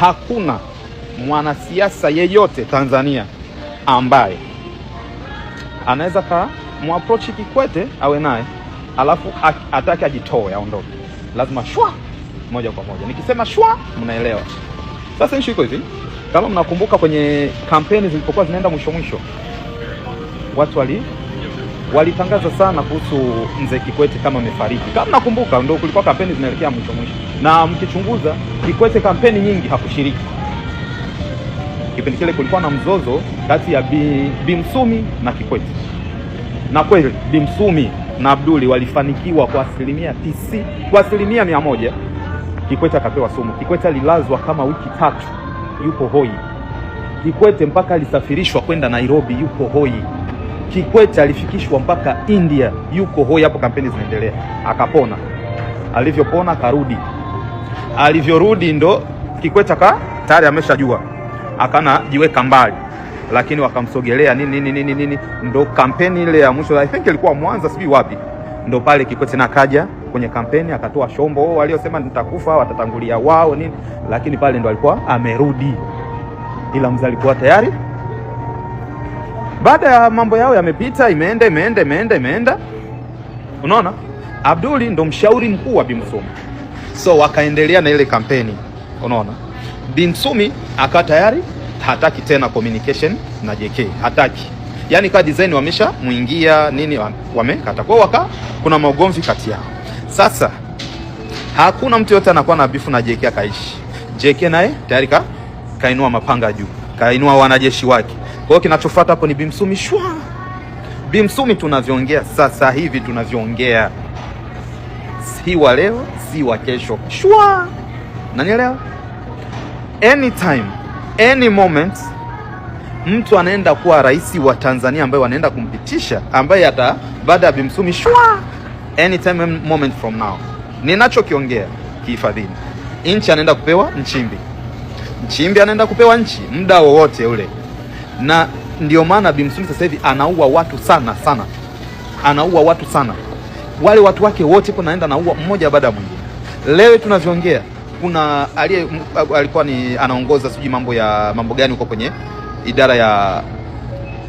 hakuna mwanasiasa yeyote Tanzania ambaye anaweza ka kamwaprochi Kikwete awe naye alafu atake ajitoe aondoke, lazima shwa moja kwa moja. Nikisema shwa, mnaelewa. Sasa nchi iko hivi, kama mnakumbuka kwenye kampeni zilipokuwa zinaenda mwisho mwisho, watu wali walitangaza sana kuhusu mzee Kikwete kama amefariki. Kama nakumbuka, ndo kulikuwa kampeni zinaelekea mwisho mwisho, na mkichunguza, Kikwete kampeni nyingi hakushiriki. Kipindi kile kulikuwa na mzozo kati ya Bi, Bi Msumi na Kikwete, na kweli Bi Msumi na Abduli walifanikiwa kwa asilimia tisi, kwa asilimia mia moja. Kikwete akapewa sumu. Kikwete alilazwa kama wiki tatu, yupo hoi. Kikwete mpaka alisafirishwa kwenda Nairobi, yupo hoi. Kikwete alifikishwa mpaka India, yuko hoi hapo, kampeni zinaendelea, akapona. Alivyopona akarudi, alivyorudi ndo Kikwete ka tayari ameshajua, akana jiweka mbali, lakini wakamsogelea nini nini nini nini, ndo kampeni ile ya mwisho, I think ilikuwa Mwanza, sijui wapi, ndo pale Kikwete na kaja kwenye kampeni akatoa shombo oh, waliosema nitakufa watatangulia wao nini, lakini pale ndo alikuwa amerudi, ila mzee alikuwa tayari baada ya mambo yao yamepita, imeenda imeenda imeenda imeenda, unaona Abduli ndo mshauri mkuu wa Bimsumi, so wakaendelea na ile kampeni, unaona Bimsumi akawa tayari hataki tena communication na JK, hataki yani kwa design wamesha muingia nini, wamekata kwa waka, kuna maugomvi kati yao. Sasa hakuna mtu yote anakuwa na bifu na JK akaishi. JK naye tayari ka kainua mapanga juu, kainua wanajeshi wake kwa hiyo kinachofuata hapo ni Bimsumi shwa. Bimsumi tunavyoongea sasa hivi, tunavyoongea si wa leo, si wa kesho shwa. Nanielewa? Anytime, any moment mtu anaenda kuwa rais wa Tanzania ambaye wanaenda kumpitisha ambaye hata baada ya Bimsumi shwa, anytime moment from now, ninachokiongea kihifadhini, nchi anaenda kupewa Nchimbi, Nchimbi anaenda kupewa nchi muda wowote ule na ndio maana Bimsuli sasa hivi anaua watu sana sana, anaua watu sana. Wale watu wake wote hapo naenda anaua mmoja baada ya mwingine. Leo tunavyoongea kuna aliye alikuwa ni anaongoza sijui mambo ya mambo gani huko kwenye idara ya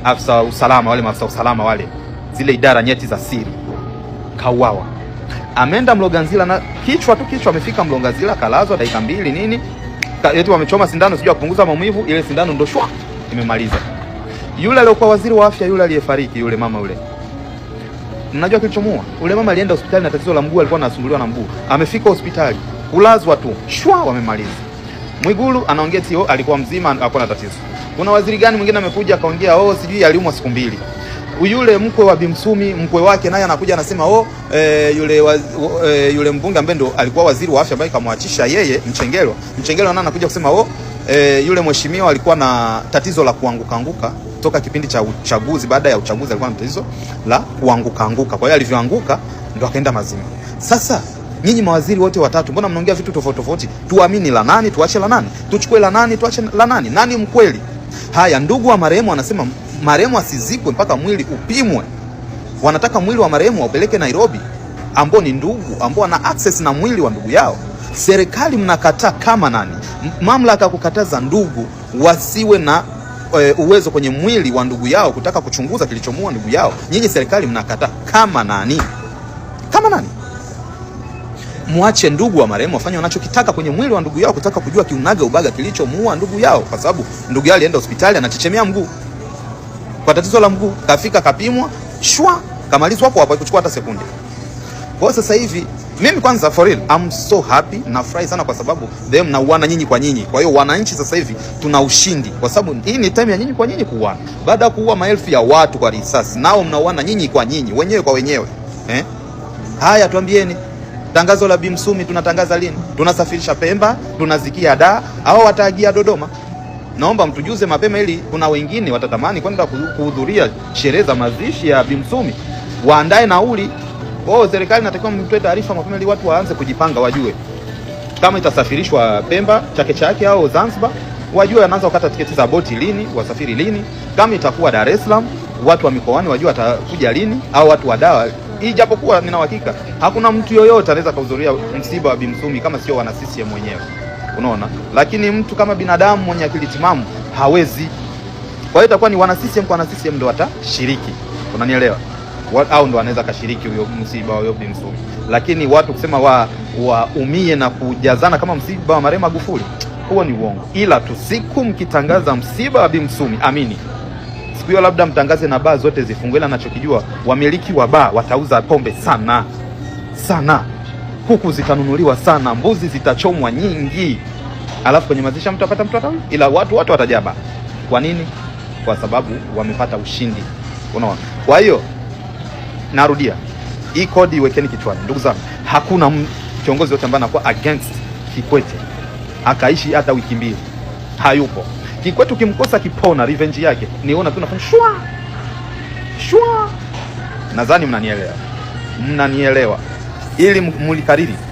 afisa usalama, wale maafisa usalama wale zile idara nyeti za siri, kauawa. Ameenda Mloganzila na kichwa tu kichwa, amefika Mloganzila kalazwa dakika mbili nini, eti wamechoma sindano sijui kupunguza maumivu, ile sindano ndo shwa nimemaliza. Yule aliyokuwa waziri wa afya yule aliyefariki yule mama yule, mnajua kilichomua yule mama? Alienda hospitali na tatizo la mguu, alikuwa anasumbuliwa na mguu. Amefika hospitali kulazwa tu, shwa wamemaliza. Mwigulu anaongea tio, oh, alikuwa mzima, hakuna tatizo. Kuna waziri gani mwingine amekuja akaongea, oh sijui aliumwa siku mbili yule mkwe wa Bimsumi mkwe wake naye anakuja anasema oh, e, yule waz, e, eh, yule mbunge ambaye ndo alikuwa waziri wa afya ambaye kamwachisha yeye Mchengerwa. Mchengerwa naye anakuja kusema oh, e, yule mheshimiwa alikuwa na tatizo la kuanguka anguka toka kipindi cha uchaguzi. Baada ya uchaguzi alikuwa na tatizo la kuanguka anguka, kwa hiyo alivyoanguka ndo akaenda mazima. Sasa nyinyi mawaziri wote watatu, mbona mnaongea vitu tofauti tofauti? Tuamini la nani, tuache la nani? Tuchukue la nani, tuache la nani? Nani mkweli? Haya, ndugu wa marehemu anasema marehemu asizikwe mpaka mwili upimwe. Wanataka mwili wa marehemu waupeleke Nairobi, ambao ni ndugu ambao wana access na mwili wa ndugu yao serikali mnakataa kama nani? Mamlaka ya kukataza ndugu wasiwe na e, uwezo kwenye mwili wa ndugu yao kutaka kuchunguza kilichomuua ndugu yao, nyinyi serikali mnakataa kama nani? Kama nani? Mwache ndugu wa marehemu wafanye wanachokitaka kwenye mwili wa ndugu yao, kutaka kujua kiunaga ubaga kilichomuua ndugu yao, kwa sababu ndugu yao alienda hospitali anachechemea mguu kwa tatizo la mguu, kafika kapimwa shwa, kamalizwa hapo hapo, haikuchukua hata sekunde. Kwa sasa hivi mimi kwanza, for real I'm so happy, nafurahi sana kwa sababu them uana nyinyi kwa nyinyi. Kwa hiyo wananchi sasa hivi tuna ushindi, kwa sababu hii ni time ya nyinyi kwa nyinyi kuuana, baada ya kuua maelfu ya watu kwa risasi, nao mnauana nyinyi kwa nyinyi, wenyewe kwa wenyewe eh? Haya, tuambieni tangazo la Bimsumi tunatangaza lini? Tunasafirisha Pemba, tunazikia da au wataagia Dodoma? Naomba mtujuze mapema, ili kuna wengine watatamani kwenda kuhudhuria sherehe za mazishi ya Bimsumi, waandae nauli. Kwa hiyo serikali inatakiwa mtoe taarifa mapema ili watu waanze kujipanga, wajue kama itasafirishwa Pemba Chake Chake au Zanzibar, wajue wanaanza kukata tiketi za boti lini, wasafiri lini. Kama itakuwa Dar es Salaam, watu wa mikoani wajue watakuja lini, au watu wa dawa hii. Japokuwa nina uhakika hakuna mtu yoyote anaweza kuhudhuria msiba wa Bimsumi kama sio wana CCM wenyewe, unaona. Lakini mtu kama binadamu mwenye akili timamu hawezi. Kwa hiyo itakuwa ni wana CCM kwa wana CCM ndio watashiriki, unanielewa? au ndo anaweza kashiriki huyo msiba wa Yobi Msuvi, lakini watu kusema wa waumie na kujazana kama msiba wa marehemu Magufuli, huo ni uongo. Ila tu siku mkitangaza msiba wa Bi Msumi, amini siku hiyo labda mtangaze na baa zote zifungwe, ila nachokijua wamiliki wa baa watauza pombe sana sana, kuku zitanunuliwa sana, mbuzi zitachomwa nyingi, alafu kwenye mtu apata mtu atawi, ila watu watu watajaba. Kwa nini? Kwa sababu wamepata ushindi, unaona. Kwa hiyo Narudia, hii kodi iwekeni kichwani, ndugu zangu. Hakuna kiongozi yote ambaye anakuwa against Kikwete akaishi hata wiki mbili, hayupo Kikwete. Ukimkosa kipona revenge yake niona tu nafanya shwa shwa. Nadhani mnanielewa, mnanielewa ili mlikariri